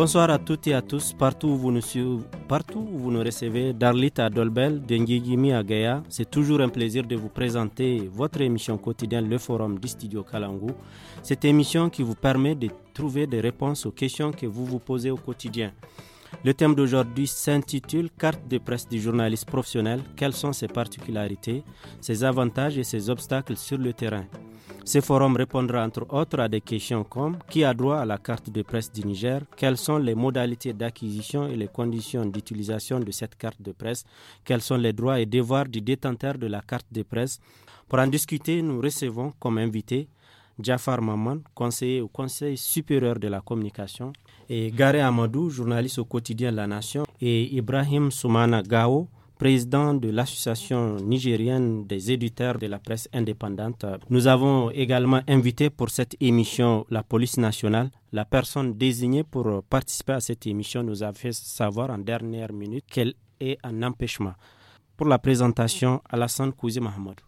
Bonsoir à toutes et à tous, partout où vous nous, partout vous nous recevez, d'Arlit à Dolbel, de à Gaïa. C'est toujours un plaisir de vous présenter votre émission quotidienne, le Forum du Studio Kalangu Cette émission qui vous permet de trouver des réponses aux questions que vous vous posez au quotidien. Le thème d'aujourd'hui s'intitule Carte de presse du journaliste professionnel. Quelles sont ses particularités, ses avantages et ses obstacles sur le terrain ce forum répondra entre autres à des questions comme qui a droit à la carte de presse du Niger, quelles sont les modalités d'acquisition et les conditions d'utilisation de cette carte de presse, quels sont les droits et devoirs du détenteur de la carte de presse. Pour en discuter, nous recevons comme invité Jafar Maman, conseiller au Conseil supérieur de la communication, et Garé Amadou, journaliste au quotidien La Nation, et Ibrahim Soumana Gao, président de l'Association nigérienne des éditeurs de la presse indépendante. Nous avons également invité pour cette émission la police nationale. La personne désignée pour participer à cette émission nous a fait savoir en dernière minute qu'elle est un empêchement. Pour la présentation, Alassane Kouzi Mahamadou.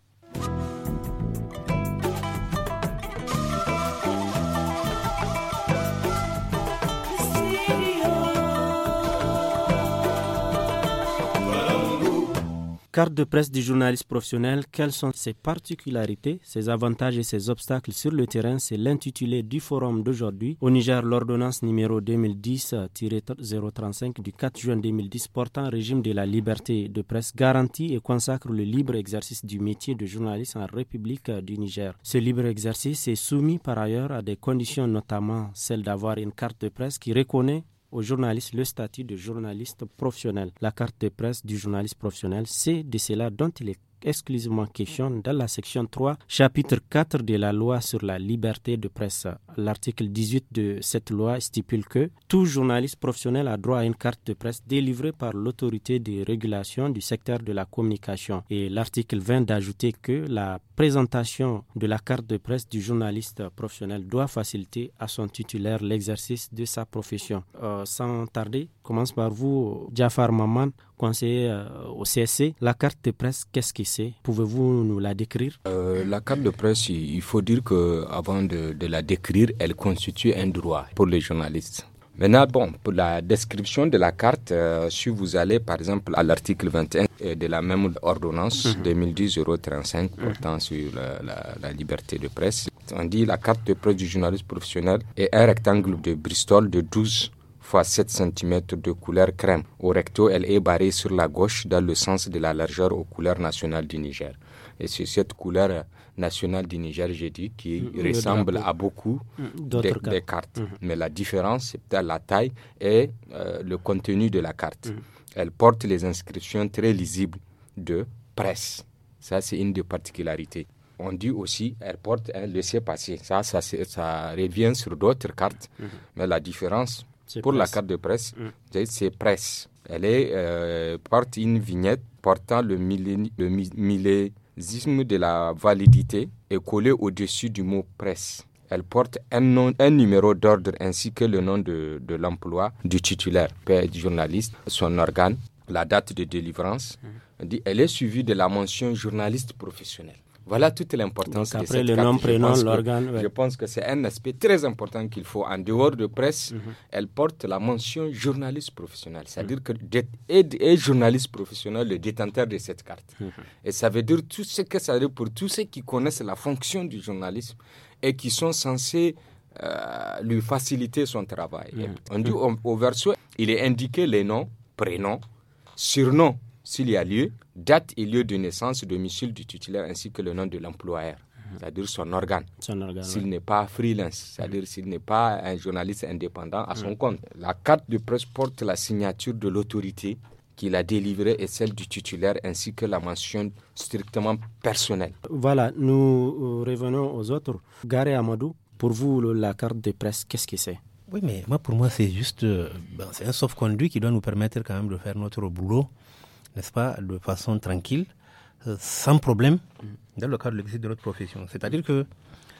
Carte de presse du journaliste professionnel, quelles sont ses particularités, ses avantages et ses obstacles sur le terrain C'est l'intitulé du forum d'aujourd'hui. Au Niger, l'ordonnance numéro 2010-035 du 4 juin 2010 portant régime de la liberté de presse garantit et consacre le libre exercice du métier de journaliste en République du Niger. Ce libre exercice est soumis par ailleurs à des conditions, notamment celle d'avoir une carte de presse qui reconnaît au journaliste le statut de journaliste professionnel. La carte de presse du journaliste professionnel, c'est de cela dont il est exclusivement question dans la section 3, chapitre 4 de la loi sur la liberté de presse. L'article 18 de cette loi stipule que tout journaliste professionnel a droit à une carte de presse délivrée par l'autorité de régulation du secteur de la communication. Et l'article 20 d'ajouter que la présentation de la carte de presse du journaliste professionnel doit faciliter à son titulaire l'exercice de sa profession. Euh, sans tarder, commence par vous, Jafar Maman conseiller euh, au CSC. La carte de presse, qu'est-ce que c'est Pouvez-vous nous la décrire euh, La carte de presse, il faut dire que avant de, la décrire, elle constitue un droit pour les journalistes. Maintenant, bon, pour la description de la carte, euh, si vous allez par exemple à l'article 21 de la même ordonnance 2010-035 mhm. portant sur la, la, liberté de presse, on dit la carte de presse du journaliste professionnel est un rectangle de Bristol de 12 fois 7 cm de couleur crème. Au recto, elle est barrée sur la gauche dans le sens de la largeur aux couleurs nationales du Niger. Et c'est cette couleur nationale du Niger, j'ai dit, qui ressemble à beaucoup mm. d'autres des, cartes. Mm-hmm. Mais la différence, c'est la taille et euh, le contenu de la carte. Mm-hmm. Elle porte les inscriptions très lisibles de presse. Ça, c'est une des particularités. On dit aussi, elle porte un laisser passer Ça, ça, ça, revient sur d'autres cartes. Mm-hmm. Mais la différence, pour la carte de presse, mm. c'est presse. Elle est, euh, porte une vignette portant le, millésisme de la validité et collée au-dessus du mot presse. Elle porte un, un numéro d'ordre ainsi que le nom de, l'emploi du titulaire, père journaliste, son organe, la date de délivrance. Mm. Elle est suivie de la mention journaliste professionnel. Voilà toute l'importance de cette le nom, prénom, l'organe. Je pense que c'est un aspect très important qu'il faut. En dehors de presse, mhm. elle porte la mention journaliste professionnel. C'est-à-dire que est, journaliste professionnel le détenteur de cette carte. Mhm. Et ça veut dire tout ce que ça veut pour tous ceux qui connaissent la fonction du journalisme et qui sont censés euh, lui faciliter son travail. Mhm. On au verso, il est indiqué les noms, prénoms, surnoms s'il y a lieu, date et lieu de naissance, domicile du titulaire ainsi que le nom de l'employeur, mhm. c'est-à-dire son organe. S'il n'est pas freelance, c'est-à-dire mhm. s'il n'est pas un journaliste indépendant à son mhm. compte. La carte de presse porte la signature de l'autorité qu'il a délivrée et celle du titulaire ainsi que la mention strictement personnelle. Voilà, nous euh, revenons aux autres. Garé Amadou, pour vous, la carte de presse, qu'est-ce que c'est Oui, mais moi, pour moi, c'est juste euh, ben, c'est un sauf-conduit qui doit nous permettre quand même de faire notre boulot n'est-ce pas, de façon tranquille, sans problème, dans le cadre de l'exercice de notre profession. C'est-à-dire que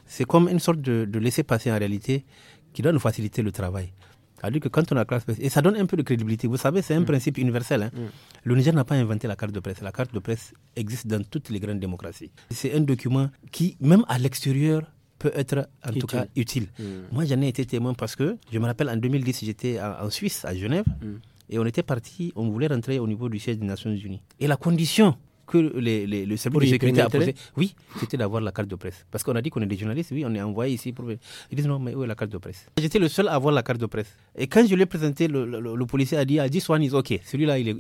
c'est comme une sorte de, laisser-passer en réalité qui doit nous faciliter le travail. C'est-à-dire que quand on a classe et ça donne un peu de crédibilité, vous savez, c'est un mm. principe universel. Hein. Mm. Le Niger n'a pas inventé la carte de presse. La carte de presse existe dans toutes les grandes démocraties. C'est un document qui, même à l'extérieur, peut être en tout cas utile. Mm. Moi, j'en ai été témoin parce que je me rappelle en 2010, j'étais en, Suisse, à Genève. Et on était parti, on voulait rentrer au niveau du siège des Nations Unies. Et la condition que le service de sécurité a posée, oui, c'était d'avoir la carte de presse. Parce qu'on a dit qu'on est des journalistes, oui, on est envoyé ici pour. Ils disent non, mais où est la carte de presse J'étais le seul à avoir la carte de presse. Et quand je l'ai présenté, le, policier a dit Ah, this one is OK, celui-là, il, est,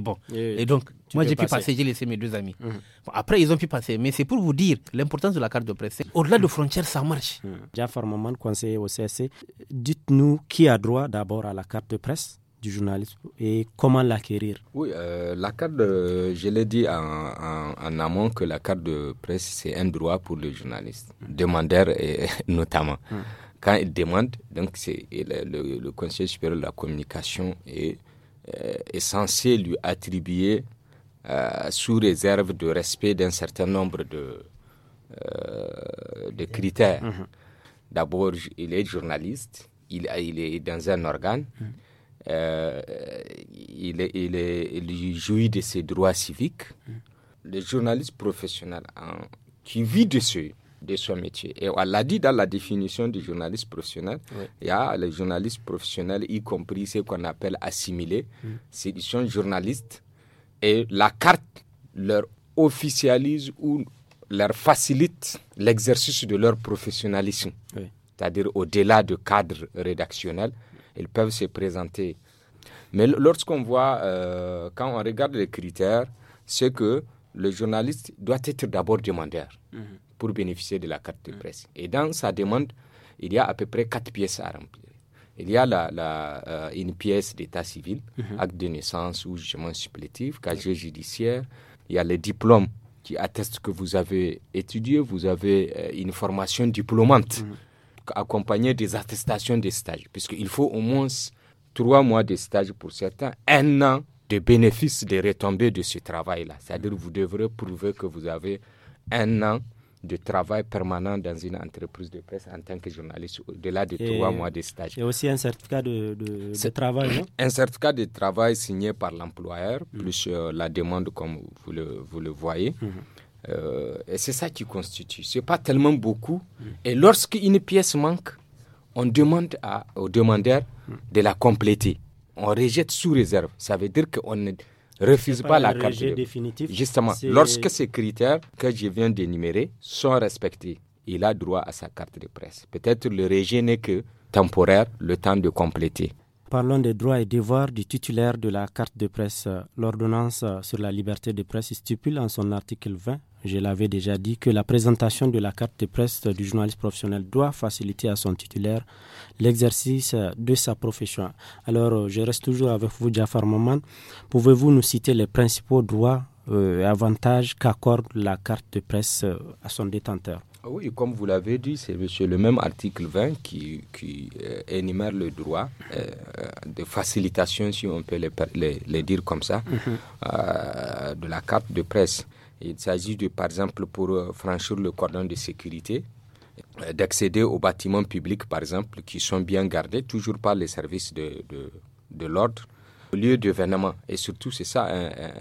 hmm. bon. Et, donc, moi, j'ai pu passer, j'ai laissé mes deux amis. Hmm. après, ils ont pu passer, mais c'est pour vous dire l'importance de la carte de presse. Au-delà de frontières, ça marche. Hmm. Jafar Maman, conseiller au CSC, dites-nous qui a droit d'abord à la carte de presse du journalisme et comment l'acquérir Oui, euh, la carte, je l'ai dit en, amont que la carte de presse, c'est un droit pour le journaliste, demandeur et, notamment. Hmm. Quand il demande, donc c'est le, Conseil supérieur de la communication est, euh, censé lui attribuer, euh, sous réserve de respect d'un certain nombre de, de critères. Hmm. D'abord, il est journaliste, il, il est dans un organe. Hmm. Euh, il, jouit de ses droits civiques. Le journaliste professionnel qui vit de, ce, de son métier, et on l'a dit dans la définition du journaliste professionnel, il y a les journalistes professionnels, y compris ce qu'on appelle assimilés, mm. ils sont journalistes, et la carte leur officialise ou leur facilite l'exercice de leur professionnalisme, c'est-à-dire au-delà du cadre rédactionnel ils peuvent se présenter. Mais lorsqu'on voit, euh, quand on regarde les critères, c'est que le journaliste doit être d'abord demandeur mhm. pour bénéficier de la carte de mhm. presse. Et dans sa demande, il y a à peu près quatre pièces à remplir. Il y a la, euh, une pièce d'état civil, mhm. acte de naissance ou jugement supplétif, casier judiciaire. Il y a les diplômes qui attestent que vous avez étudié, vous avez euh, une formation diplômante accompagné des attestations de stage, puisqu'il faut au moins trois mois de stage pour certains, un an de bénéfices des retombées de ce travail-là. C'est-à-dire vous devrez prouver que vous avez un an de travail permanent dans une entreprise de presse en tant que journaliste au-delà de trois mois de stage. Et aussi un certificat de, de, travail, hein? Un certificat de travail signé par l'employeur, mmh. plus euh, la demande comme vous le, vous le voyez. Mmh. Euh, et c'est ça qui constitue. Ce n'est pas tellement beaucoup. Mm. Et lorsqu'une pièce manque, on demande au demandeur mm. de la compléter. On rejette sous réserve. Ça veut dire qu'on ne refuse pas, la carte. définitif. Justement, lorsque ces critères que je viens d'énumérer sont respectés, il a droit à sa carte de presse. Peut-être le rejet n'est que temporaire, le temps de compléter. Parlons des droits et devoirs du titulaire de la carte de presse. L'ordonnance sur la liberté de presse stipule en son article 20 je l'avais déjà dit, que la présentation de la carte de presse du journaliste professionnel doit faciliter à son titulaire l'exercice de sa profession. Alors, euh, je reste toujours avec vous, Jafar Moman. Pouvez-vous nous citer les principaux droits euh, et avantages qu'accorde la carte de presse euh, à son détenteur ah oui, comme vous l'avez dit, c'est le même article 20 qui, énumère le droit de facilitation, si on peut les, dire comme ça, mhm. de la carte de presse. Il s'agit de, par exemple, pour euh, franchir le cordon de sécurité, euh, d'accéder aux bâtiments publics, par exemple, qui sont bien gardés, toujours par les services de, de, l'ordre, au lieu d'événements. Et surtout, c'est ça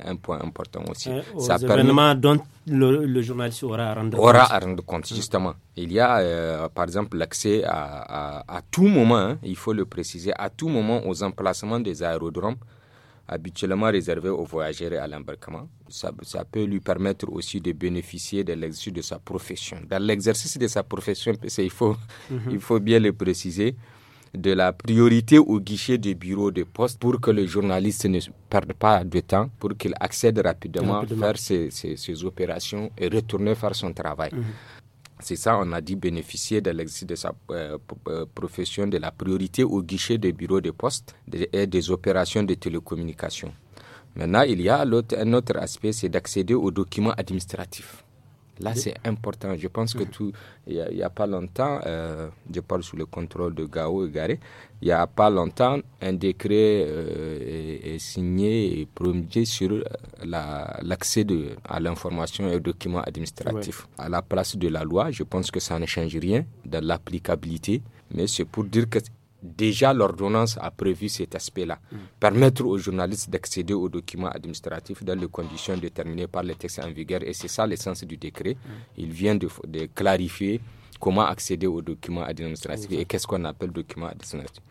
un, point important aussi. Hein, aux ça événements dont le, journal journaliste aura à rendre compte. Aura à rendre compte, justement. Il y a, euh, par exemple, l'accès à, à, tout moment, hein, il faut le préciser, à tout moment aux emplacements des aérodromes, habituellement réservé aux voyageurs et à l'embarquement. Ça, peut lui permettre aussi de bénéficier de l'exercice de sa profession. Dans l'exercice de sa profession, il faut, mhm. il faut bien le préciser, de la priorité au guichet des bureaux de poste pour que le journaliste ne perde pas de temps, pour qu'il accède rapidement, à faire ses, opérations et retourner faire son travail. Mhm. C'est ça, on a dit bénéficier de l'exercice de sa euh, profession, de la priorité au guichet des bureaux de poste et des opérations de télécommunication. Maintenant, il y a un autre aspect, c'est d'accéder aux documents administratifs. Là, c'est important. Je pense que tout, il n'y a, pas longtemps, euh, je parle sous le contrôle de Gao et Garé, il n'y a pas longtemps, un décret euh, est, signé et promulgué sur euh, l'accès de à l'information et aux documents administratifs. À la place de la loi, je pense que ça ne change rien dans l'applicabilité, mais c'est pour dire que déjà l'ordonnance a prévu cet aspect-là. Permettre aux journalistes d'accéder aux documents administratifs dans les conditions déterminées par les textes en vigueur. Et c'est ça l'essence du décret. Il vient de, clarifier comment accéder aux documents administratifs et qu'est-ce qu'on appelle documents administratifs.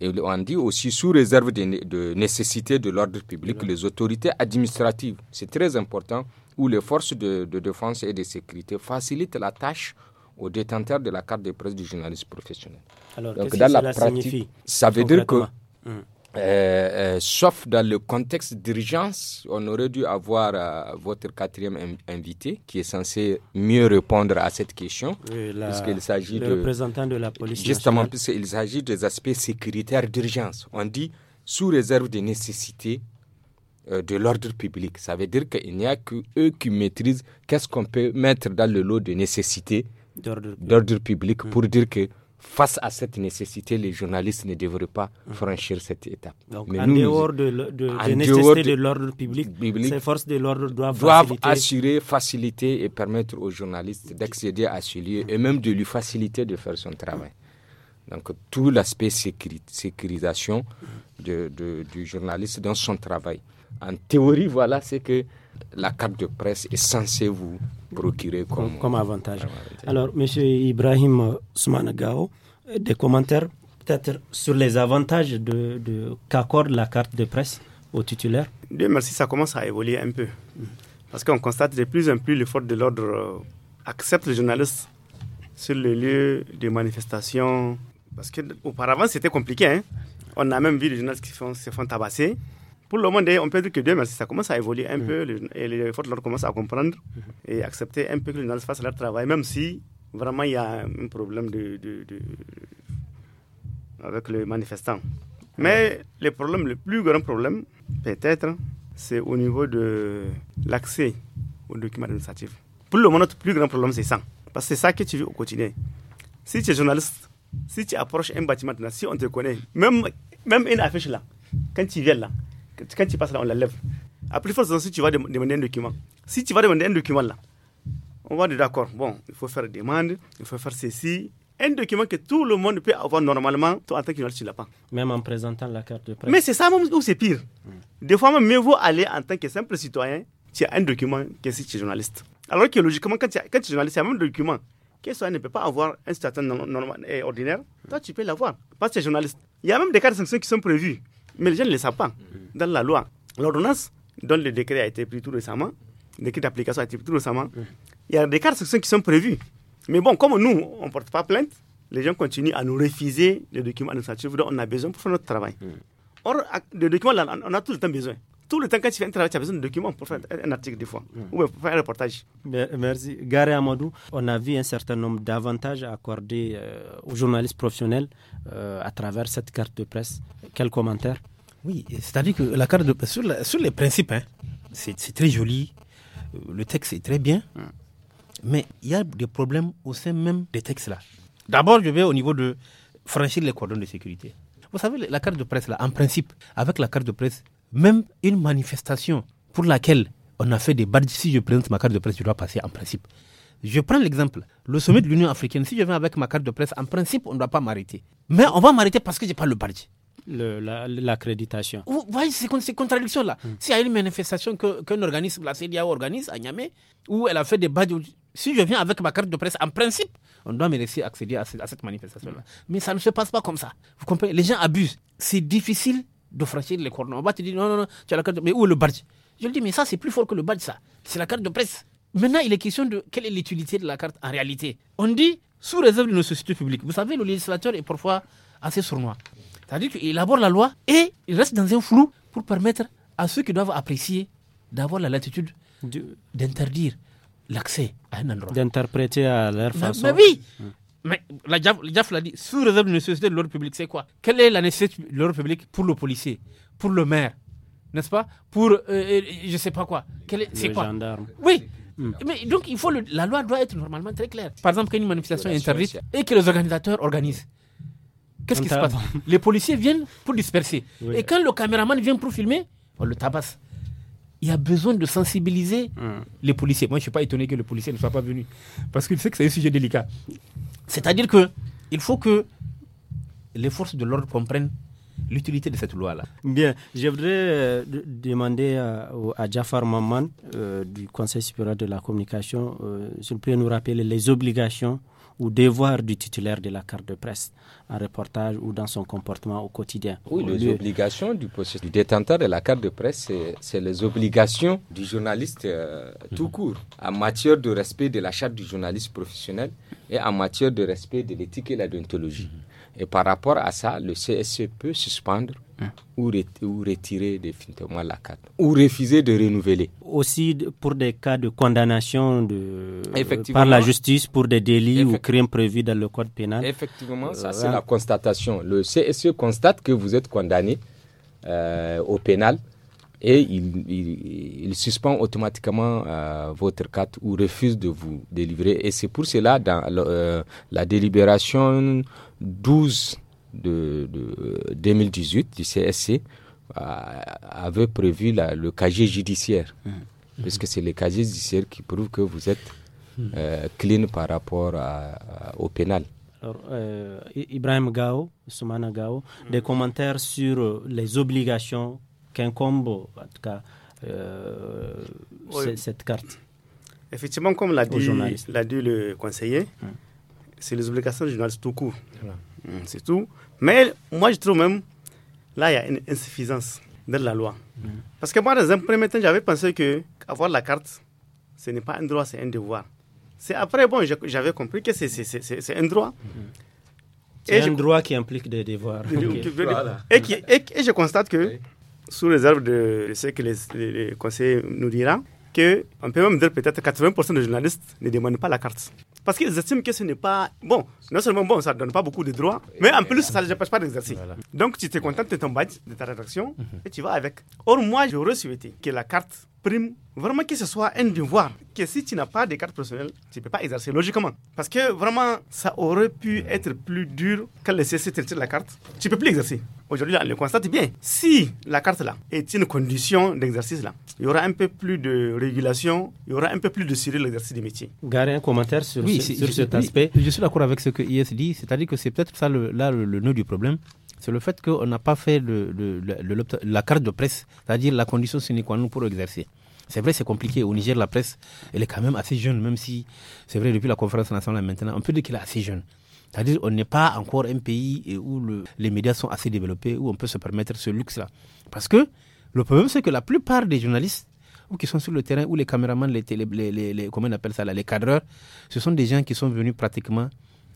Et on dit aussi, sous réserve de, nécessité de l'ordre public, les autorités administratives, c'est très important, où les forces de, de défense et de sécurité facilitent la tâche au détenteur de la carte de presse du journaliste professionnel. Alors, Donc, dans la ça veut dire que, hmm. euh, euh, sauf dans le contexte d'urgence, on aurait dû avoir euh, votre quatrième invité qui est censé mieux répondre à cette question. puisqu'il s'agit le de, représentant de la police. Justement, puisqu'il s'agit des aspects sécuritaires d'urgence. On dit sous réserve des nécessités de l'ordre public. Ça veut dire qu'il n'y a que eux qui maîtrisent qu'est-ce qu'on peut mettre dans le lot de nécessité d'ordre public pour mm. dire que face à cette nécessité, les journalistes ne devraient pas mm. franchir cette étape. Donc, Mais en dehors de, de de, l'ordre public, ces forces de l'ordre doivent, assurer, faciliter et permettre aux journalistes d'accéder à ce lieu et même de lui faciliter de faire son travail. Donc tout l'aspect sécurisation du journaliste dans son travail. En théorie, voilà, c'est que la carte de presse est censée vous procurer comme, avantage. Alors, Monsieur Ibrahim Soumanagao, des commentaires peut-être sur les avantages de, qu'accorde la carte de presse au titulaire Dieu merci, ça commence à évoluer un peu. Parce qu'on constate de plus en plus les forces de l'ordre euh, accepte les journalistes sur le lieu de manifestations Parce qu'auparavant, c'était compliqué. Hein. On a même vu les journalistes qui se font tabasser pour le moment, on peut dire que demain, ça commence à évoluer un peu et les forces de l'ordre commencent à comprendre mhm. et accepter un peu que les journalistes fassent leur travail, même si vraiment il y a un problème de, avec les manifestants. Mais le problème, le plus grand problème, peut-être, c'est au niveau de l'accès aux documents administratifs. Pour le moment, notre plus grand problème, c'est ça. Parce que c'est ça que tu vis au quotidien. Si tu es journaliste, si tu approches un bâtiment, si on te connaît, même, même une affiche là, quand tu viens là, quand tu passes là, on l'enlève. À plus forte si tu vas demander un document. Si tu vas demander un document là, on va dire d'accord, bon, il faut faire demande, il faut faire ceci. Un document que tout le monde peut avoir normalement, toi en tant que journaliste, tu l'as pas. Même en présentant la carte de presse. Mais c'est ça même où c'est pire. Hmm. Des fois, même mieux vaut aller en tant que simple citoyen, tu as un document que si tu es journaliste. Alors que logiquement, quand tu, quand tu es journaliste, il y a même document que ne peut pas avoir un certain normal ordinaire, toi tu peux l'avoir, parce que tu es journaliste. Il y a même des cas de sanctions qui sont prévus. Mais les gens ne le savent pas. Mm. Dans la loi, l'ordonnance dont le décret a été pris tout récemment, le décret d'application a été pris tout récemment, mm. il y a des cas qui sont prévues. Mais bon, comme nous, on ne porte pas plainte, les gens continuent à nous refuser les documents administratifs dont on a besoin pour faire notre travail. Mm. Or, les documents, on a tout le temps besoin tout le temps quand tu fais un travail, tu as besoin de documents pour faire un article des fois, hmm. ou pour faire un reportage. Merci. Gare Amadou, on a vu un certain nombre d'avantages accordés euh, aux journalistes professionnels euh, à travers cette carte de presse. Quel commentaire Oui, c'est-à-dire que la carte de presse, sur, les principes, hein, c'est très joli, euh, le texte est très bien, hmm. mais il y a des problèmes au sein même des textes-là. Hmm. D'abord, je vais au niveau de franchir les cordons de sécurité. Vous savez, la carte de presse, là, en principe, avec la carte de presse, même une manifestation pour laquelle on a fait des badges, si je présente ma carte de presse, je dois passer en principe. Je prends l'exemple, le sommet de l'Union africaine, si je viens avec ma carte de presse, en principe, on ne doit pas m'arrêter. Mais on va m'arrêter parce que je n'ai pas le badge. L'accréditation. La, Vous voyez ces, contradictions-là. Hmm. S'il y a une manifestation qu'un organisme, la CDAO organise à Niamey, où elle a fait des badges, si je viens avec ma carte de presse, en principe, on doit me laisser accéder à, cette manifestation-là. Hmm. Mais ça ne se passe pas comme ça. Vous comprenez Les gens abusent. C'est difficile de franchir les cordons. tu dis non, non, non, tu as la carte Mais où est le badge Je lui dis, mais ça, c'est plus fort que le badge, ça. C'est la carte de presse. Maintenant, il est question de quelle est l'utilité de la carte en réalité. On dit, sous réserve de nos sociétés publiques, vous savez, le législateur est parfois assez sournois. C'est-à-dire qu'il élabore la loi et il reste dans un flou pour permettre à ceux qui doivent apprécier d'avoir la latitude d'interdire l'accès à un endroit. D'interpréter à leur façon. Mais, oui, mais la JAF, la dit, sous réserve de nécessité de l'ordre public, c'est quoi Quelle est la nécessité de l'ordre public pour le policier, pour le maire, n'est-ce pas Pour, je euh, ne euh, je sais pas quoi. C'est quoi gendarme. Oui, Mais donc, il faut la loi doit être normalement très claire. Par exemple, quand une manifestation est interdite et que les organisateurs organisent, qu'est-ce qui se passe Les policiers viennent pour disperser. Et quand le caméraman vient pour filmer, on le tabasse. Il y a besoin de sensibiliser hum. les policiers. Moi, je ne suis pas étonné que le policier ne soit pas venu. Parce qu'il sait que c'est un sujet délicat. C'est-à-dire que il faut que les forces de l'ordre comprennent l'utilité de cette loi-là. Bien, je voudrais euh, demander euh, à, Jafar Maman euh, du Conseil supérieur de la communication, s'il peut nous rappeler les obligations ou devoir du titulaire de la carte de presse en reportage ou dans son comportement au quotidien. Oui, les obligations du, du, détenteur de la carte de presse, c'est les obligations du journaliste euh, tout mhm. court en matière de respect de la charte du journaliste professionnel et en matière de respect de l'éthique et la déontologie. Mhm. Et par rapport à ça, le CSC peut suspendre ou, ou, retirer définitivement la carte ou refuser de renouveler. Aussi pour des cas de condamnation de, euh, par la justice pour des délits ou crimes prévus dans le code pénal. Effectivement, ça euh, c'est la constatation. Le CSE constate que vous êtes condamné euh, au pénal et il, suspend automatiquement votre carte ou refuse de vous délivrer. Et c'est pour cela, dans la délibération 12 de, 2018 du CSC avait prévu le casier judiciaire, parce hein. puisque c'est le casier judiciaire qui prouve que vous êtes hmm. euh, clean par rapport au pénal. Euh, Ibrahim Gao, Soumana Gao, hmm. des commentaires sur euh, les obligations qu'incombe, en tout cas, cette carte. Effectivement, comme l'a dit, dit, le conseiller, hmm. c'est les obligations du journaliste tout court. Mm, c'est tout. Mais moi, je trouve même, là, il y a une insuffisance dans la loi. Mm. Parce que moi, dans un premier temps, j'avais pensé que la carte, ce n'est pas un droit, c'est un devoir. C'est après, bon, j'avais compris que c'est un droit. Mm-hmm. C'est un droit qui implique des devoirs. Et, je constate que, sous sous réserve de ce que les, les, nous dira, que on peut même dire peut-être 80% des journalistes ne demandent pas la carte. Parce qu'ils estiment que ce n'est pas. Bon, non seulement bon, ça ne donne pas beaucoup de droits, mais en plus, ça ne dépêche pas d'exercer. Donc, tu te contentes de ton badge, de ta rédaction, mhm. et tu vas avec. Or, moi, je souhaité que la carte prime vraiment que ce soit un devoir, que si tu n'as pas de carte professionnelle tu ne peux pas exercer logiquement. Parce que vraiment, ça aurait pu être plus dur que laisser CC te la carte. Tu ne peux plus exercer. Aujourd'hui, on le constate bien. Si la carte là est une condition d'exercice là, il y aura un peu plus de régulation, il y aura un peu plus de sérieux l'exercice des métiers. Garé un commentaire sur, sur cet aspect. Je suis d'accord avec ce que IS dit, c'est-à-dire que c'est peut-être ça le, là le, nœud du problème c'est le fait qu'on n'a pas fait le, la carte de presse, c'est-à-dire la condition sine qua non pour exercer. C'est vrai, c'est compliqué. Au Niger, la presse, elle est quand même assez jeune, même si, c'est vrai, depuis la conférence nationale maintenant, on peut dire qu'elle est assez jeune. C'est-à-dire on n'est pas encore un pays eh, où les médias sont assez développés, où on peut se permettre ce luxe-là. Parce que le problème, c'est que la plupart des journalistes ou qui sont sur le terrain, ou les caméramans, les, les, comment on appelle ça, les cadreurs, ce sont des gens qui sont venus pratiquement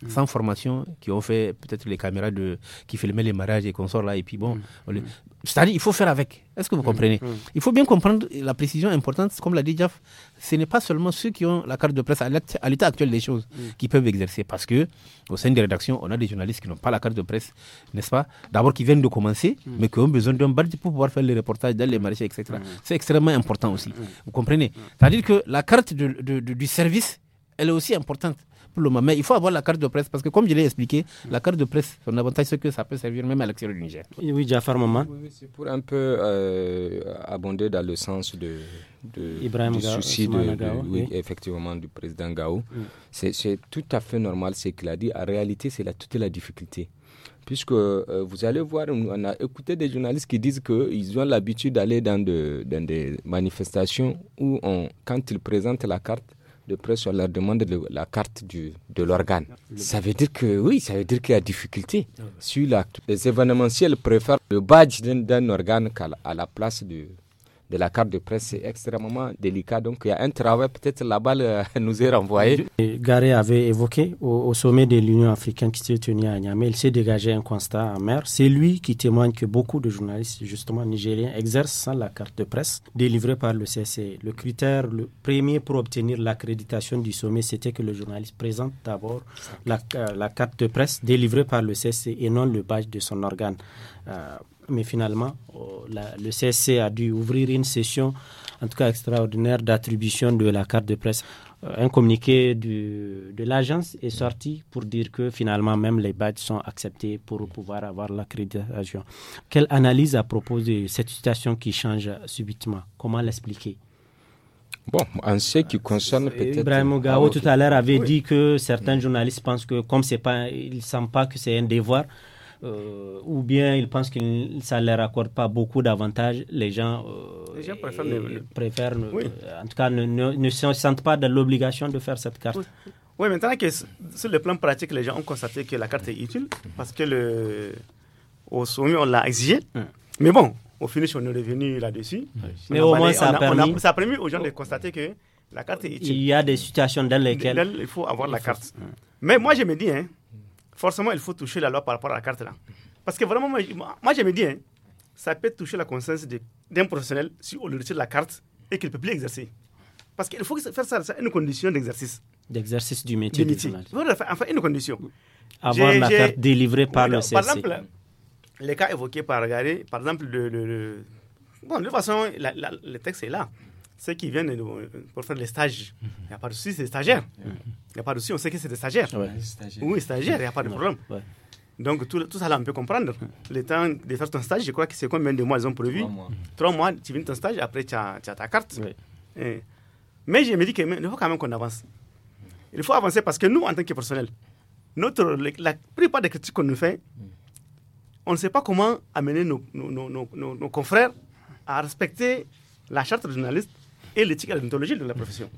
sans formation, qui ont fait peut-être les caméras de, qui filmaient les mariages et consorts là. Et puis bon, mm. c'est-à-dire, il faut faire avec. Est-ce que vous mm. comprenez mm. Il faut bien comprendre la précision importante, comme l'a dit Jaff, ce n'est pas seulement ceux qui ont la carte de presse à l'état actuel des choses qui peuvent exercer, parce que au sein des rédactions, on a des journalistes qui n'ont pas la carte de presse, n'est-ce pas D'abord, qui viennent de commencer, mais qui ont besoin d'un badge pour pouvoir faire les reportages les mariages, etc. C'est extrêmement important aussi. Vous comprenez C'est-à-dire que la carte du service, elle est aussi importante. Mais il faut avoir la carte de presse parce que, comme je l'ai expliqué, la carte de presse, son avantage, c'est que ça peut servir même à l'extérieur du Niger. Oui, Jafar Maman. Oui, c'est pour un peu euh, abonder dans le sens de, du souci de, oui, effectivement du président Gao. C'est tout à fait normal ce qu'il a dit. En réalité, c'est là toute la difficulté puisque euh, vous allez voir, on a écouté des journalistes qui disent qu'ils ont l'habitude d'aller dans, de, des manifestations où, on, quand ils présentent la carte, de presse, on leur demande de la carte du, de l'organe. Ça veut dire que oui, ça veut dire qu'il y a difficulté. Ah sur l'acte les événementiels préfèrent le badge d'un organe à la place du, de la carte de presse, c'est extrêmement délicat. Donc il y a un travail, peut-être la balle euh, nous est renvoyée. Garé avait évoqué au, sommet de l'Union africaine qui s'est tenu à Niamey, il s'est dégagé un constat amer. C'est lui qui témoigne que beaucoup de journalistes, justement nigériens, exercent sans la carte de presse délivrée par le CC. E. Le critère le premier pour obtenir l'accréditation du sommet, c'était que le journaliste présente d'abord la, euh, carte de presse délivrée par le CC e et non le badge de son organe. Euh, mais finalement, euh, le CSC a dû ouvrir une session, en tout cas extraordinaire, d'attribution de la carte de presse. Euh, un communiqué de l'agence est sorti pour dire que finalement même les badges sont acceptés pour pouvoir avoir l'accréditation. Quelle analyse à propos de cette situation qui change subitement Comment l'expliquer Bon, en ce qui concerne euh, peut-être. Ibrahim Gao ah, tout à l'heure avait dit que certains journalistes pensent que, comme c'est pas, ils ne sentent pas que c'est un devoir, euh, ou bien ils pensent que ça ne leur accorde pas beaucoup d'avantages. Les gens, euh, préfèrent, euh, en tout cas, ne, se sentent pas de l'obligation de faire cette carte. Oui. maintenant que sur le plan pratique, les gens ont constaté que la carte est utile parce que le, au sommet, on l'a exigé. Hein. Mais bon, au finish, on est revenu là-dessus. Mais au moins, ça a, permis... aux gens oh. de constater que la carte est utile. Il y a des situations dans lesquelles, il faut avoir la carte. Hein. Mais moi, je me dis, hein, forcément, il faut toucher la loi par rapport à la carte là. Parce que vraiment, moi, moi bien, me hein, ça peut toucher la conscience d'un professionnel si on lui retire la carte et qu'il ne peut plus exercer. Parce qu'il faut faire ça, ça une condition d'exercice. D'exercice du métier. enfin, une condition. Avoir la carte délivrée par le CSC. Par exemple, les cas évoqués par Gary, par exemple, le, Bon, de toute façon, le texte est là ceux qui viennent euh, pour faire les stages, il n'y a pas de souci, c'est des stagiaires. Il n'y a pas de souci, on sait que c'est des stagiaires. Oui, stagiaires, il n'y a pas de problème. Donc tout, tout, ça, là, on peut comprendre. Le temps de faire ton stage, je crois que c'est combien de mois ils ont prévu Trois mois. tu viens ton stage, après tu as, ta carte. mais je me dis qu'il faut quand même qu'on avance. Il faut avancer parce que nous, en tant que personnel, notre, la plupart des critiques qu'on nous fait, mm. on ne sait pas comment amener nos, nos, nos, nos confrères à respecter la charte du journaliste et l'éthique et l'ontologie de la profession.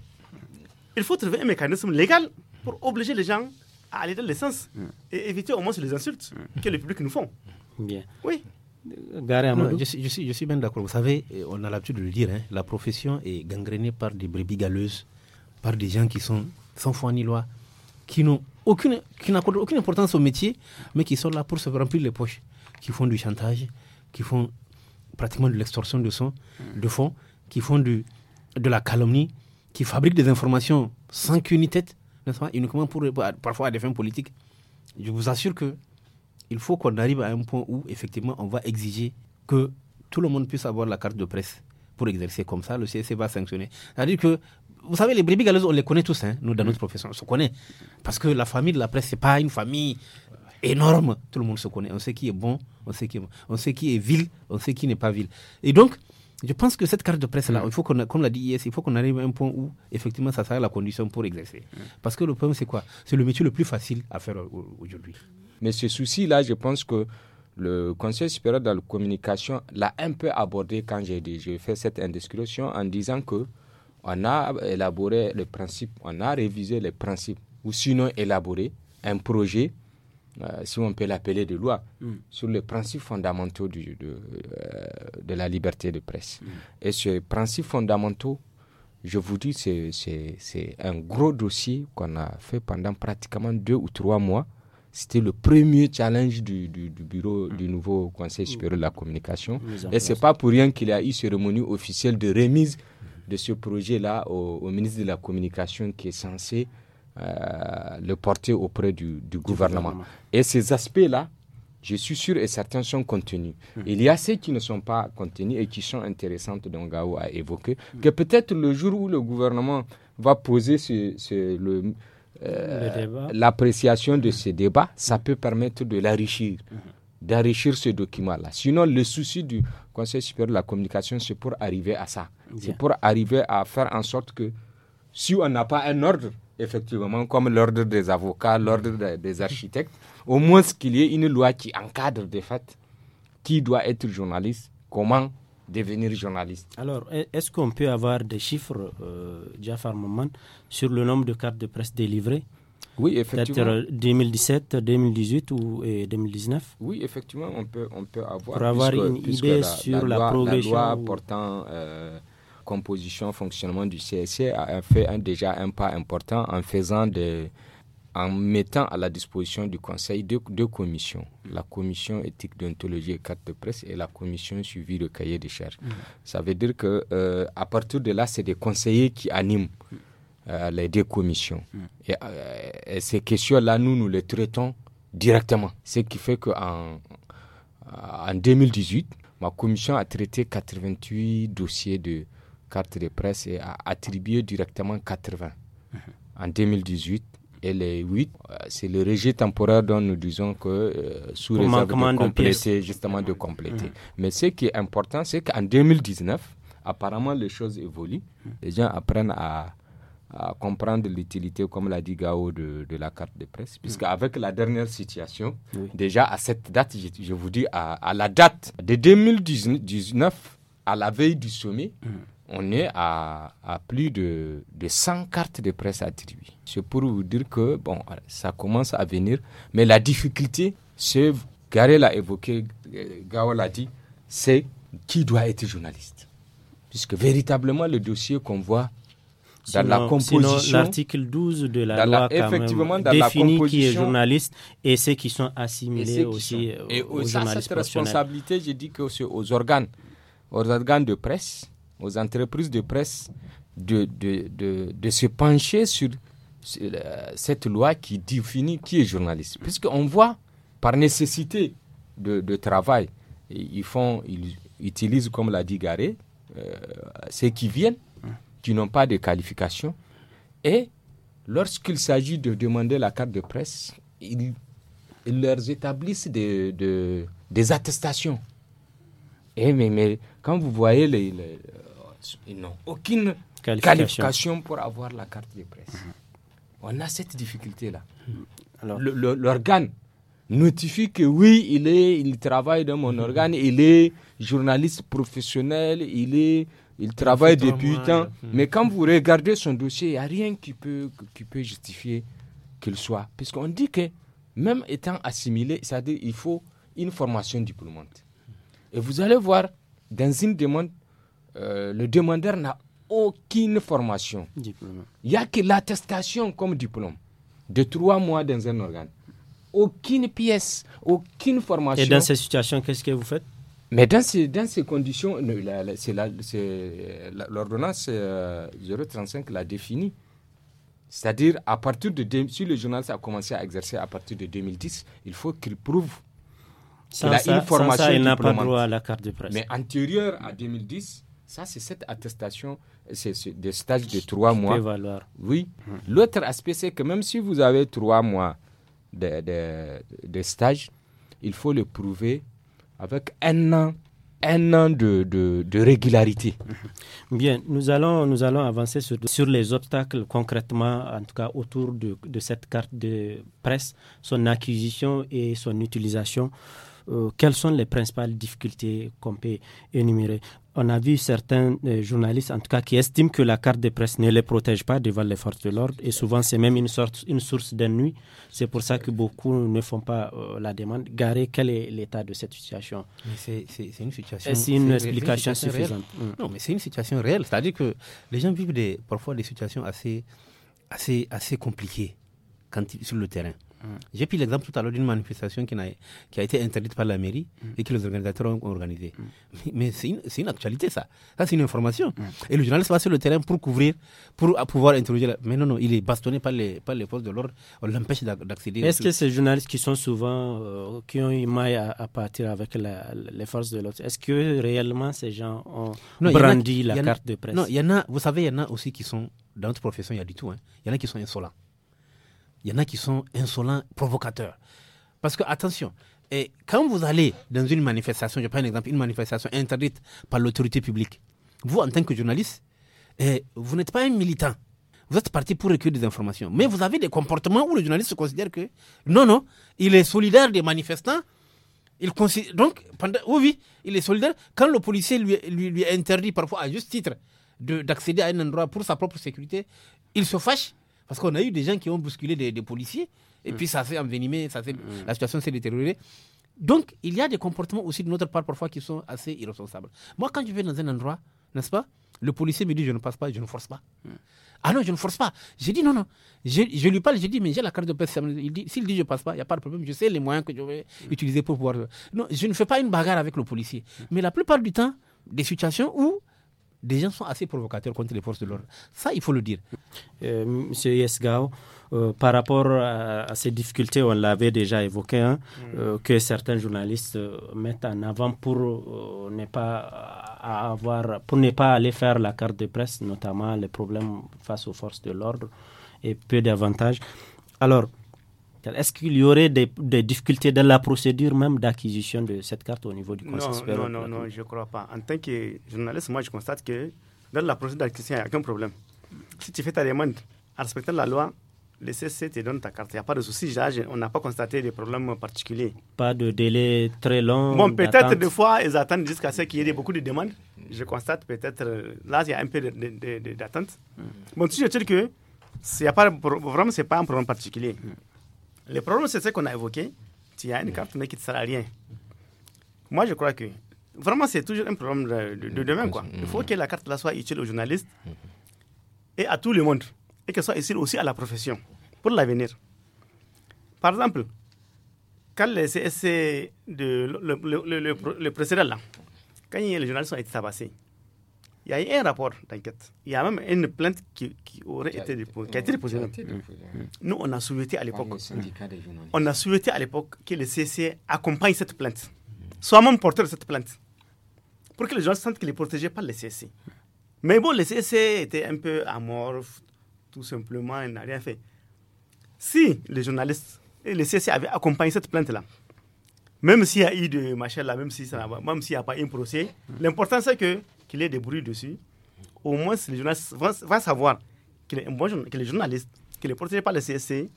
Il faut trouver un mécanisme légal pour obliger les gens à aller dans l'essence et éviter au moins les insultes que le public nous font. Bien. Oui. Je, je, suis, bien d'accord. Vous savez, on a l'habitude de le dire, hein, la profession est gangrénée par des brebis galeuses, par des gens qui sont sans foi ni loi, qui n'ont aucune, n'accordent aucune importance au métier, mais qui sont là pour se remplir les poches, qui font du chantage, qui font pratiquement de l'extorsion de, son, de fonds, qui font du, de la calomnie, qui fabrique des informations sans qu'une tête, uniquement pour, parfois à des fins politiques. Je vous assure que il faut qu'on arrive à un point où effectivement on va exiger que tout le monde puisse avoir la carte de presse pour exercer comme ça. Le CSC e va sanctionner. C'est-à-dire que vous savez, les brébis galeuses, on les connaît tous, hein, nous, dans notre mmh. profession, on se connaît. Parce que la famille de la presse, ce n'est pas une famille énorme. Tout le monde se connaît. On sait qui est bon, on sait qui est, bon. on sait qui est vil, on sait qui n'est pas vil. Et donc, je pense que cette carte de presse-là, mm. il faut qu'on, comme l'a dit hier, il faut qu'on arrive à un point où, effectivement, ça sera la condition pour exercer. Mm. Parce que le problème, c'est quoi C'est le métier le plus facile à faire aujourd'hui. Mais ce souci-là, je pense que le Conseil supérieur de la communication l'a un peu abordé quand j'ai, fait cette indiscrétion en disant que on a élaboré le principe, on a révisé les principes, ou sinon élaboré un projet euh, si on peut l'appeler de loi, mm. sur les principes fondamentaux de, euh, de, la liberté de presse. Mm. Et ces principes fondamentaux, je vous dis, c'est un gros dossier qu'on a fait pendant pratiquement deux ou trois mois. C'était le premier challenge du, du, bureau mm. du nouveau Conseil supérieur de la communication. Et ce n'est pas pour rien qu'il y a eu cérémonie officielle de remise de ce projet-là au, ministre de la Communication qui est censé euh, le porter auprès du, gouvernement. Et ces aspects-là, je suis sûr et certains sont contenus. Hmm. Il y a ceux qui ne sont pas contenus et qui sont intéressantes dont Gao a évoqué, hmm. que peut-être le jour où le gouvernement va poser ce, le, euh, l'appréciation de hmm. ces débats, ça peut permettre de l'enrichir, d'enrichir ce document-là. Sinon, le souci du Conseil supérieur de la communication, c'est pour arriver à ça. C'est pour arriver à faire en sorte que si on n'a pas un ordre, effectivement, comme l'ordre des avocats, l'ordre des architectes, au moins qu'il y ait une loi qui encadre de fait qui doit être journaliste, comment devenir journaliste. Alors, e-, est-ce qu'on peut avoir des chiffres, euh, Jafar sur le nombre de cartes de presse délivrées oui, effectivement. peut 2017, 2018 ou et 2019. Oui, effectivement, on peut, on peut avoir. Pour avoir une idée sur la, loi, progression. portant euh, composition, fonctionnement du CSC a fait un, déjà un pas important en faisant en mettant à la disposition du Conseil deux, commissions, la commission éthique d'ontologie et carte de presse et la commission suivie de cahier des charges. Mmh. Ça veut dire que euh, à partir de là, c'est des conseillers qui animent euh, les deux commissions. Mmh. Euh, et, ces questions-là, nous, nous les traitons directement. Ce qui fait qu'en en 2018, ma commission a traité 88 dossiers de carte de presse et a attribué directement 80 en 2018. Et les 8, euh, c'est le régime temporaire dont nous disons que euh, sous réserve de compléter, justement de compléter. Mmh. Mais ce qui est important, c'est qu'en 2019, apparemment les choses évoluent. Mmh. Les gens apprennent à, comprendre l'utilité, comme l'a dit Gao, de, la carte de presse. Mmh. Puisque avec la dernière situation, déjà à cette date, je, vous dis, à, la date de 2019, à la veille du sommet, on est à, plus de, 100 cartes de presse attribuées. C'est pour vous dire que bon, ça commence à venir, mais la difficulté, c'est, Garel l'a évoqué, Gao l'a dit, c'est qui doit être journaliste. Puisque véritablement, le dossier qu'on voit dans la composition. l'article 12 de la loi définit qui est journaliste et ceux qui sont assimilés et aussi. aux, aux ça, cette responsabilité, j'ai dit que aux organes, aux organes de presse aux entreprises de presse de, de, de, se pencher sur, euh, cette loi qui définit qui est journaliste. Puisqu'on voit, par nécessité de, travail, ils, font, ils utilisent, comme l'a dit Garé, euh, ceux qui viennent, qui n'ont pas de qualification. Et lorsqu'il s'agit de demander la carte de presse, ils, ils leur établissent des, des, attestations. Et eh, mais, mais, quand vous voyez les ils aucune qualification. pour avoir la carte de presse. Mhm. On a cette difficulté-là. Mhm. L'organe notifie que oui, il, est, il travaille dans mon mhm. organe, il est journaliste professionnel, il, est, il travaille depuis tant. Mais quand vous regardez son dossier, il n'y a rien qui peut, justifier qu'il soit. Puisqu'on dit que même étant assimilé, c'est-à-dire il faut une formation diplômante. Et vous allez voir, dans une demande, euh, le demandeur n'a aucune formation. Il n'y a que l'attestation comme diplôme de trois mois dans un organe. Aucune pièce, aucune formation. Et dans ces situations, qu'est-ce que vous faites mais dans ces, dans ces conditions, l'ordonnance 035 euh, l'a définie. C'est-à-dire, à partir de si le journaliste a commencé à exercer à partir de 2010, il faut qu'il prouve qu'il a une formation. Sans ça, il n'a pas droit à la carte de presse. Mais antérieure à 2010, ça, c'est cette attestation, c'est des stages de trois mois. Peut valoir. Oui. Hmm. L'autre aspect, c'est que même si vous avez trois mois de, de, de, stage, il faut le prouver avec un an, un an de, de régularité. Bien, nous allons, nous allons avancer sur, sur, les obstacles concrètement, en tout cas autour de, cette carte de presse, son acquisition et son utilisation. Euh, quelles sont les principales difficultés qu'on peut énumérer on a vu certains euh, journalistes, en tout cas, qui estiment que la carte de presse ne les protège pas devant les forces de l'ordre. Et souvent, c'est même une, sorte, une source d'ennui. C'est pour ça que beaucoup ne font pas euh, la demande. Garé, quel est l'état de cette situation C'est une situation. une, explication suffisante mm. Non, mais c'est une situation réelle. C'est-à-dire que les gens vivent des, parfois des situations assez, assez, assez compliquées quand ils, sur le terrain. Mm. J'ai pris l'exemple tout à l'heure d'une manifestation qui a, qui a, été interdite par la mairie mm. et que les organisateurs ont organisée. Mm. Mais, c'est une, actualité, ça. Ça, c'est une information. Et le journaliste va sur le terrain pour couvrir, pour pouvoir interroger. Mais non, non, il est bastonné par les, par les forces de l'ordre. On l'empêche d'accéder. Est-ce que ces journalistes qui sont souvent, euh, qui ont une maille à, partir avec les forces de l'ordre, est-ce que réellement ces gens ont brandi la carte de presse Non, il y en a, vous savez, il y en a aussi qui sont, dans notre profession, il y a du tout. Hein. Il y en a qui sont insolents il y en a qui sont insolents, provocateurs. Parce que, attention, quand vous allez dans une manifestation, je prends un exemple, une manifestation interdite par l'autorité publique, vous, en tant que journaliste, vous n'êtes pas un militant. Vous êtes parti pour recueillir des informations. Mais vous avez des comportements où le journaliste considère que non, non, il est solidaire des manifestants. Il donc, pendant, oui, oui, il est solidaire. Quand le policier lui, lui, lui interdit parfois à juste titre d'accéder à un endroit pour sa propre sécurité, il se fâche parce qu'on a eu des gens qui ont bousculé des, policiers, et mm. puis ça s'est envenimé, ça mm. la situation s'est détériorée. Donc, il y a des comportements aussi de notre part parfois qui sont assez irresponsables. Moi, quand je vais dans un endroit, n'est-ce pas Le policier me dit je ne passe pas, je ne force pas. Mm. Ah non, je ne force pas. J'ai dit non, non. Je, je, lui parle, j'ai dis mais j'ai la carte de passe. dit s'il dit je passe pas, il n'y a pas de problème, je sais les moyens que je vais utiliser pour pouvoir. Non, je ne fais pas une bagarre avec le policier. Mais la plupart du temps, des situations où des gens sont assez provocateurs contre les forces de l'ordre. Ça, il faut le dire. Euh, monsieur Yesgao, euh, par rapport à, ces difficultés, on l'avait déjà évoqué, hein, mm. euh, que certains journalistes mettent en avant pour ne pas avoir, pour ne pas aller faire la carte de presse, notamment les problèmes face aux forces de l'ordre et peu d'avantages. Alors, est-ce qu'il y aurait des, difficultés dans la procédure même d'acquisition de cette carte au niveau du conseil Non, non, non, non je ne crois pas. En tant que journaliste, moi, je constate que dans la procédure d'acquisition, il n'y a aucun problème. Si tu fais ta demande en respectant la loi, le CC te donne ta carte. Il n'y a pas de souci. On n'a pas constaté de problème particulier. Pas de délai très long. Bon, peut-être des fois, ils attendent jusqu'à ce qu'il y ait beaucoup de demandes. Je constate peut-être. Euh, là, il y a un peu d'attente. Mm. Bon, si je dis que. Pas, vraiment, ce n'est pas un problème particulier. Mm. Le problème, c'est ce qu'on a évoqué. Tu as une mm. carte, mais qui ne sert à rien. Moi, je crois que vraiment, c'est toujours un problème de, demain. Quoi. Mm. Il faut que la carte là soit utile aux journalistes mm. et à tout le monde. Et qu'elle soit utile aussi à la profession pour l'avenir. Par exemple, quand le CSC, de, le, le, le, précédent là, quand les journalistes ont été tabassés, il y a eu un rapport d'enquête. Il y a même une plainte qui, qui aurait été, déposée, a été déposée. Nous, on a souhaité à l'époque. On a souhaité à l'époque que le CC accompagne cette plainte, soit même porteur de cette plainte, pour que les gens sentent qu'il est protégé par le CC. Mais bon, le CC était un peu amorphe, tout simplement, il n'a rien fait. Si les journalistes et le CC avait accompagné cette plainte-là, même s'il y a eu de machin là, même s'il si n'y a pas eu un procès, l'important c'est que qu'il ait des bruits dessus, au moins les journalistes vont, savoir qu'il est, bon, que les journalistes, qu'il est protégé par le CSC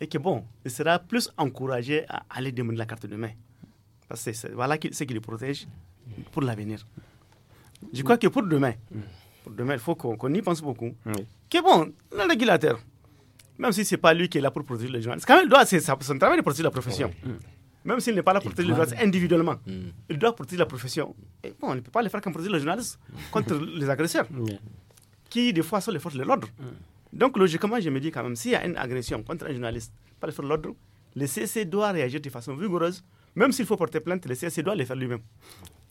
et que bon, il sera plus encouragé à aller demander la carte de main. Parce que c'est, voilà ce qui le protège pour l'avenir. Je crois que pour demain, pour demain, il faut qu'on, y pense beaucoup. Que bon, le régulateur, même si ce n'est pas lui qui est là pour produire les journalistes, quand même, doit, c'est son travail de la profession même s'il n'est pas là pour protéger les journalistes individuellement, mm. il doit protéger la profession. Et bon, on ne peut pas le faire comme protéger les journalistes mm. contre les agresseurs, mm. qui des fois sont les forces de l'ordre. Donc logiquement, je me dis quand même, s'il y a une agression contre un journaliste par les forces de l'ordre, le CSC doit réagir de façon vigoureuse, même s'il faut porter plainte, le CSC doit le faire lui-même.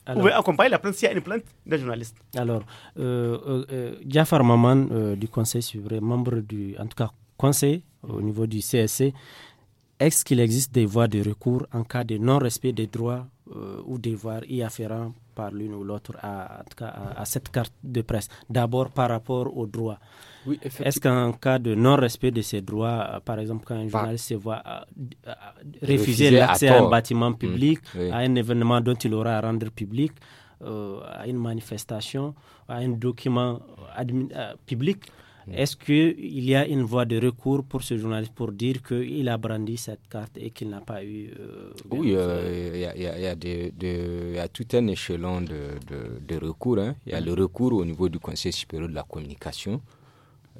Vous pouvez accompagner la plainte s'il y a une plainte d'un journaliste. Alors, euh, euh, euh Maman euh, du Conseil suivrait, membre du, en tout cas, Conseil au niveau du CSC, est-ce qu'il existe des voies de recours en cas de non-respect des droits euh, ou ou voies y afférents par l'une ou l'autre à, cette carte de presse D'abord par rapport aux droits. Est-ce qu'en cas de non-respect de ces droits, euh, par exemple quand un journaliste se voit euh, refuser l'accès à, un bâtiment mmh. public, à un événement dont il aura à rendre public, à une manifestation, à un document public, Mm. Est-ce qu'il y a une voie de recours pour ce journaliste pour dire qu'il a brandi cette carte et qu'il n'a pas eu... Euh, oui, il euh, y, a, tout un échelon de, recours. Hein. Il y a le recours au niveau du Conseil supérieur de la communication.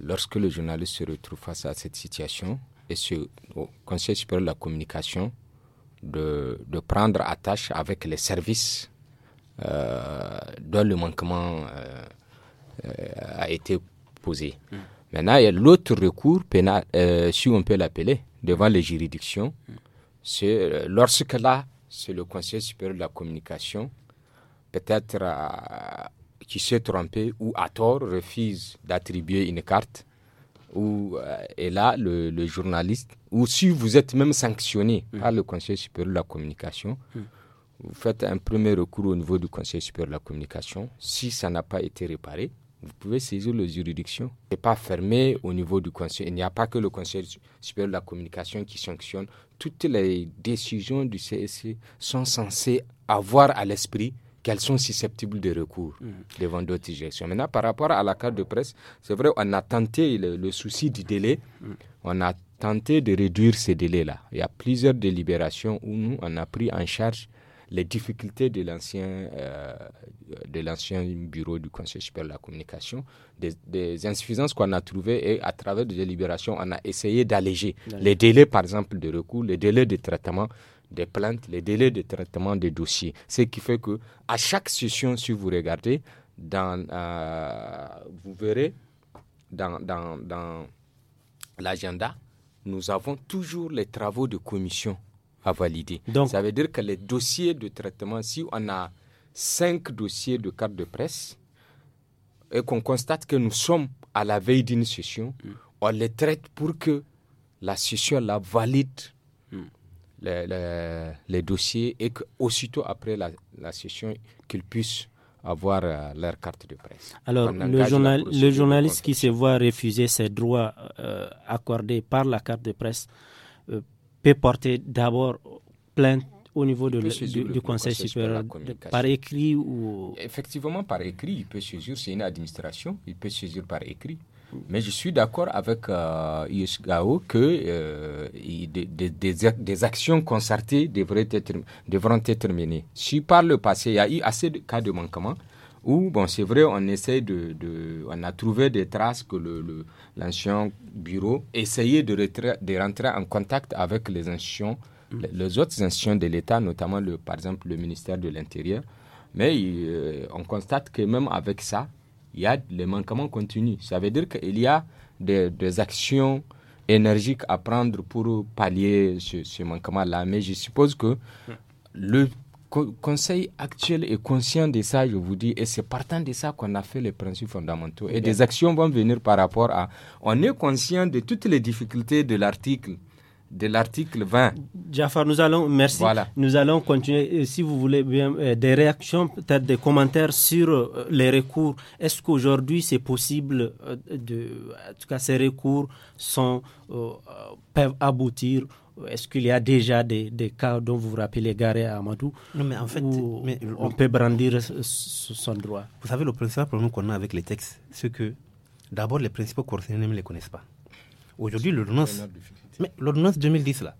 Lorsque le journaliste se retrouve face à cette situation, et ce au Conseil supérieur de la communication de, prendre attache avec les services euh, dont le manquement a été Maintenant, il y a l'autre recours pénal, euh, si on peut l'appeler, devant les juridictions. C'est euh, lorsque là, c'est le Conseil supérieur de la communication, peut-être euh, qui s'est trompé ou à tort refuse d'attribuer une carte. Ou, et là, le, journaliste, ou si vous êtes même sanctionné mm. par le Conseil supérieur de la communication, mm. vous faites un premier recours au niveau du Conseil supérieur de la communication. Si ça n'a pas été réparé, vous pouvez saisir les juridictions. Ce n'est pas fermé au niveau du Conseil. Il n'y a pas que le Conseil supérieur de la communication qui sanctionne. Toutes les décisions du CSC sont censées avoir à l'esprit qu'elles sont susceptibles de recours mhm. devant d'autres directions. Maintenant, par rapport à la carte de presse, c'est vrai, on a tenté le, souci du délai, mhm. on a tenté de réduire ces délais-là. Il y a plusieurs délibérations où nous, on a pris en charge les difficultés euh, de l'ancien bureau du Conseil supérieur de la communication, des, insuffisances qu'on a trouvées et à travers des délibérations, on a essayé d'alléger les délais, par exemple, de recours, les délais de traitement des plaintes, les délais de traitement des dossiers. Ce qui fait que à chaque session, si vous regardez, dans, euh, vous verrez dans, dans l'agenda, nous avons toujours les travaux de commission valider. Donc, ça veut dire que les dossiers de traitement, si on a cinq dossiers de carte de presse et qu'on constate que nous sommes à la veille d'une session, hmm. on les traite pour que la session la valide hmm. les, dossiers et qu'aussitôt après la, session, qu'ils puissent avoir euh, leur carte de presse. Alors, le, journal, le, journaliste qui se voit refuser ses droits euh, accordés par la carte de presse, peut porter d'abord plainte au niveau de, du, Conseil, supérieur par écrit ou... Effectivement, par écrit, il peut saisir, c'est une administration, il peut saisir par écrit. Mais je suis d'accord avec euh, que euh, des, actions concertées devraient être, devront être menées. Si par le passé, il y a eu assez de cas de manquement, où, bon, c'est vrai, on de, On a trouvé des traces que l'ancien bureau essayait de, rentrer en contact avec les institutions, mm. les, autres institutions de l'État, notamment, le, par exemple, le ministère de l'Intérieur. Mais euh, on constate que même avec ça, il y a les manquements continus. Ça veut dire qu'il y a des, actions énergiques à prendre pour pallier ce, ce manquement-là. Mais je suppose que mm. le conseil actuel est conscient de ça, je vous dis, et c'est partant de ça qu'on a fait les principes fondamentaux. Et des actions vont venir par rapport à. On est conscient de toutes les difficultés de l'article de l'article 20. Jafar, nous allons, merci. Nous allons continuer, si vous voulez bien, euh, des réactions, peut-être des commentaires sur euh, les recours. Est-ce qu'aujourd'hui c'est possible euh, de, en tout cas, ces recours sont, peuvent aboutir est-ce qu'il y a déjà des, des, cas dont vous vous rappelez, Garé à Amadou, non, mais en fait, on peut brandir son droit Vous savez, le principal problème qu'on a avec les textes, c'est que d'abord, les principaux coordonnés ne les connaissent pas. Aujourd'hui, l'ordonnance, mais l'ordonnance 2010, là,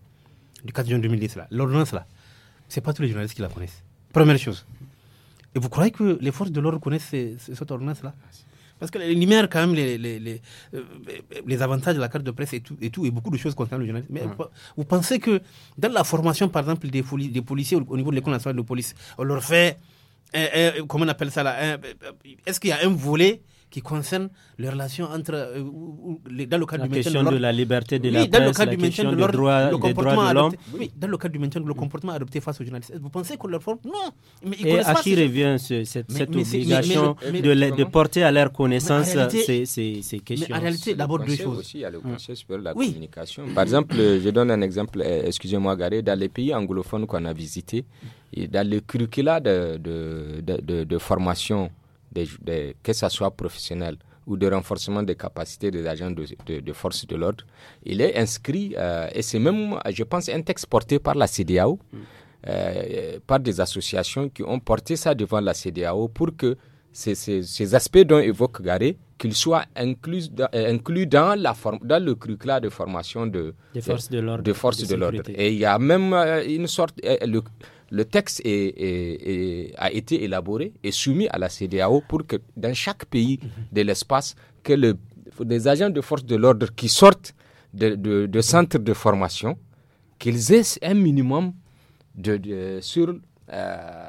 du 4 juin 2010, là, l'ordonnance, là, c'est pas tous les journalistes qui la connaissent. Première chose. Et vous croyez que les forces de l'ordre connaissent cette ordonnance-là ah, parce que les lumières, quand même, les, euh, les, avantages de la carte de presse et tout, et, tout, et beaucoup de choses concernant le journalisme. vous pensez que dans la formation, par exemple, des, policiers au niveau de l'École nationale de police, on leur fait, comment on appelle ça là, euh, euh, est-ce qu'il y a un volet qui concerne les relations entre, euh, dans le cadre la du question de, la liberté de oui, la dans le cadre du maintien de l'ordre, comportement oui, dans le cadre du maintien de le comportement adopté face aux journalistes. Vous pensez que leur forme Non. Mais ils Et à qui revient cette, obligation de, porter à leur connaissance ces, ces, questions mais En réalité, d'abord deux choses. Aussi, a le hum. la communication. Par exemple, je donne un exemple, eh, excusez-moi Garé, dans les pays anglophones qu'on a visités, dans le curricula de, de formation que ce soit professionnel ou de renforcement des capacités des agents de, de, de force de l'ordre, il est inscrit, euh, et c'est même, je pense, un texte porté par la CDAO, mm. euh, par des associations qui ont porté ça devant la CDAO pour que ces, aspects dont évoque Garé, qu'ils soient inclus, dans, euh, inclus dans, la dans le curriculum de formation de, forces force de l'ordre. Et il y a même une sorte... Le, le texte a été élaboré et soumis à la CDAO pour que dans chaque pays de l'espace, que le, agents de force de l'ordre qui sortent de, centres de formation, qu'ils aient un minimum de, sur euh,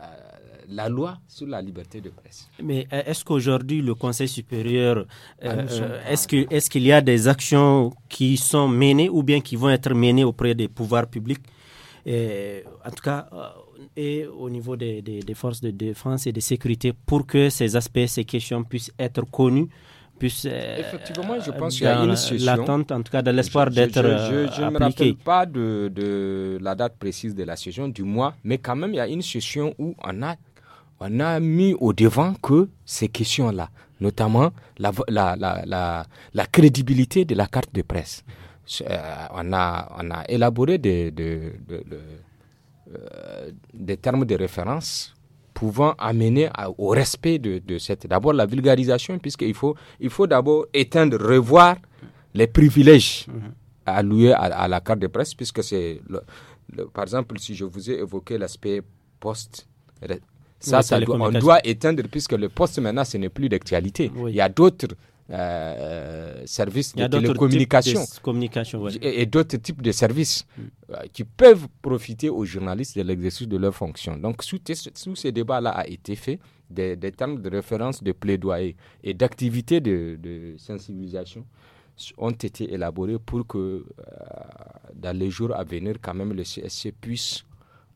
la loi sur la liberté de presse. Mais est-ce qu'aujourd'hui, le Conseil supérieur, ah, euh, euh, est-ce qu'il y a des actions qui sont menées ou bien qui vont être menées auprès des pouvoirs publics en tout cas, et au niveau des, des, forces de défense et de sécurité pour que ces aspects, ces questions puissent être connues puissent, euh, Effectivement, je euh, pense qu'il y a une session. L'attente, en tout cas, de l'espoir d'être euh, Je, je, ne me rappelle pas de, la date précise de la session, du mois, mais quand même, il y a une session où on a, on a mis au devant que ces questions-là, notamment la, la, la, la, crédibilité de la carte de presse. on, a, on a élaboré des... de, euh, des termes de référence pouvant amener au respect de, de cette. D'abord la vulgarisation, puisqu'il faut, il faut d'abord éteindre, revoir les privilèges mhm. alloués à, la carte de presse, puisque c'est. Le, par exemple, si je vous ai évoqué l'aspect poste, ça, ça on doit éteindre, puisque le poste maintenant, ce n'est plus d'actualité. Il y a d'autres euh, euh, services de télécommunication de et, d'autres types de services mm. euh, qui peuvent profiter aux journalistes de l'exercice de leurs fonctions. Donc, sous, sous ces débats-là a été fait des, termes de référence de plaidoyer et d'activités de, sensibilisation ont été élaborés pour que euh, dans les jours à venir, quand même, le CSC puisse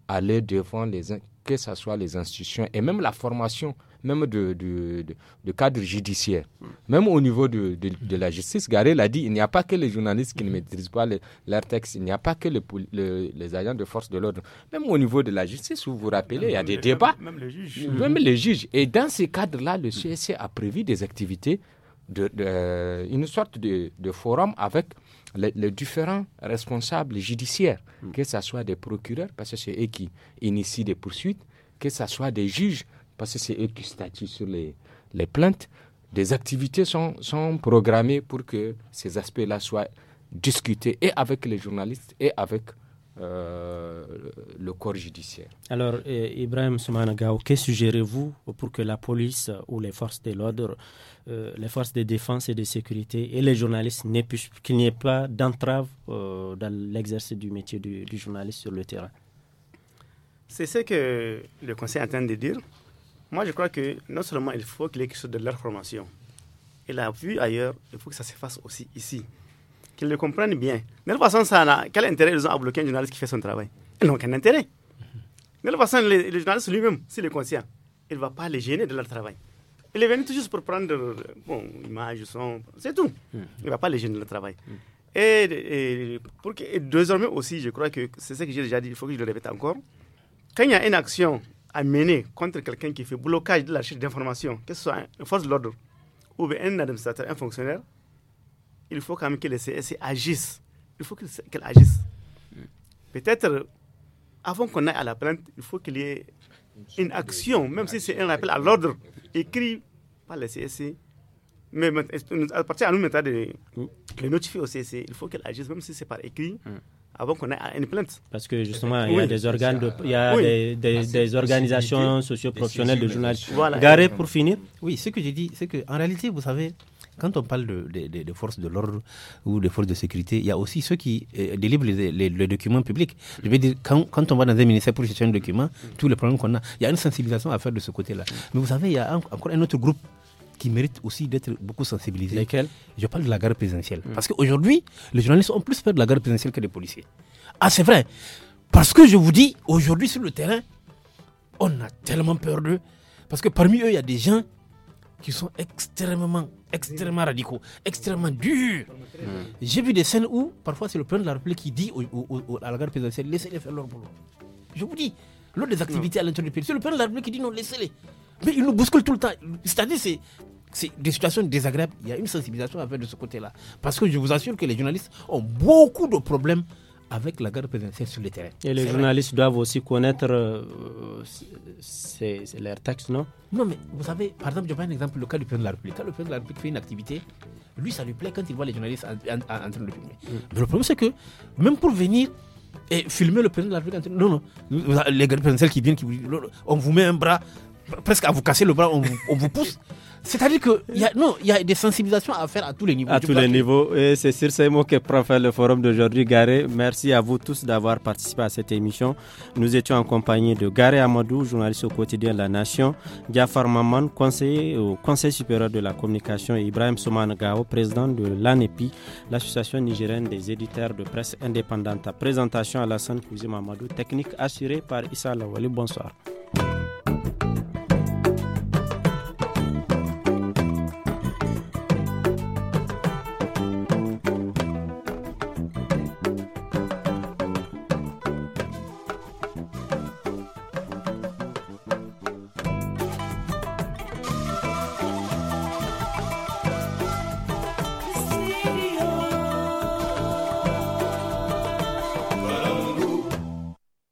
aller devant les que ce soit les institutions et même la formation même de, de, de, cadre judiciaire, même au niveau de, la justice. Garé l'a dit, il n'y a pas que les journalistes qui ne maîtrisent pas leur leurs textes, il n'y a pas que les, agents de force de l'ordre. Même au niveau de la justice, vous vous rappelez, il y a des débats. Même, les juges. Même les juges. Et dans ces cadres-là, le CSC a prévu des activités, euh, une sorte de, forum avec les, les, différents responsables judiciaires, hmm. que ce soit des procureurs, parce que c'est eux qui initient des poursuites, que ce soit des juges, parce que c'est eux qui statuent sur les, les plaintes, des activités sont, sont programmées pour que ces aspects-là soient discutés et avec les journalistes et avec euh, le corps judiciaire. Alors, eh, Ibrahim Soumanagao, que suggérez-vous pour que la police ou les forces de l'ordre, euh, les forces de défense et de sécurité et les journalistes qu'il n'y ait pas d'entrave euh, dans l'exercice du métier du, journaliste sur le terrain C'est ce que le Conseil est de dire. Moi, je crois que non seulement il faut qu'il y ait quelque chose de leur formation, il a vu ailleurs, il faut que ça se fasse aussi ici. Qu'ils le comprennent bien. De toute façon, ça a, quel intérêt ils ont à bloquer un journaliste qui fait son travail Ils n'ont aucun intérêt. De toute façon, le, journaliste lui-même, s'il est conscient, il ne va pas les gêner de leur travail. Il est venu tout juste pour prendre bon, image, son, c'est tout. Hmm. Il ne va pas les gêner de leur travail. Hmm. Et, que, et désormais aussi, je crois que c'est ce que j'ai déjà dit, il faut que je le répète encore. Quand il y a une action à mener contre quelqu'un qui fait blocage de la chute d'informations, que ce soit une force de l'ordre ou bien un administrateur, un fonctionnaire, il faut quand même que les CSC agissent. Il faut qu'elles agisse. Mm. Peut-être, avant qu'on aille à la plainte, il faut qu'il y ait une action, même si c'est un rappel à l'ordre écrit par les CSC. Mais à partir à nous maintenant de, de notifier au CSC, il faut qu'elle agisse, même si c'est par écrit. Mm avant qu'on ait une plainte. Parce que justement, il y a des organes, de, il y a des, organisations socioprofessionnelles de journalistes. Voilà. Garé pour finir. Oui, ce que j'ai dit, c'est qu'en réalité, vous savez, quand on parle de, forces de l'ordre ou de forces de sécurité, il y a aussi ceux qui euh, délivrent les, documents publics. Je veux dire, quand, on va dans un ministère pour chercher un document, tous les problèmes qu'on a, il y a une sensibilisation à faire de ce côté-là. Mais vous savez, il y a encore un autre groupe qui méritent aussi d'être beaucoup sensibilisés. Lesquels Je parle de la garde présidentielle. Hmm. Parce qu'aujourd'hui, les journalistes ont plus peur de la garde présidentielle que des policiers. Ah, c'est vrai. Parce que je vous dis, aujourd'hui sur le terrain, on a tellement peur d'eux. Parce que parmi eux, il y a des gens qui sont extrêmement, extrêmement radicaux, extrêmement durs. Hmm. J'ai vu des scènes où, parfois, c'est le président de la République qui dit à la garde présidentielle, laissez-les faire leur boulot. Je vous dis, l'autre des activités à l'intérieur du pays, c'est le président de la République qui dit non, laissez-les. Mais ils nous bousculent tout le temps. C'est-à-dire, c'est c'est des situations désagréables. Il y a une sensibilisation à faire de ce côté-là. Parce que je vous assure que les journalistes ont beaucoup de problèmes avec la garde présidentielle sur le terrain. Et les journalistes doivent aussi connaître euh, leurs textes, non Non, mais vous savez, par exemple, je prends un exemple, le cas du président de la République. Quand le président de la République fait une activité, lui, ça lui plaît quand il voit les journalistes en, train de filmer. Mm. Mais le problème, c'est que même pour venir et filmer le président de la République, en train non, non, les gardes présidentiels qui viennent, on vous met un bras, presque à vous casser le bras, on vous, pousse. C'est-à-dire qu'il y a, y a des sensibilisations à faire à tous les niveaux. À tous les niveaux. Et c'est sur ces mots que prend le forum d'aujourd'hui, Garé. Merci à vous tous d'avoir participé à cette émission. Nous étions en compagnie de Garé Amadou, journaliste au quotidien La Nation, Diafar Maman, conseiller au Conseil supérieur de la communication, et Ibrahim Soman Gao, président de l'ANEPI, l'association nigérienne des éditeurs de presse indépendante. À présentation à la Sainte Cousine Amadou, technique assurée par Issa Lawali. Bonsoir.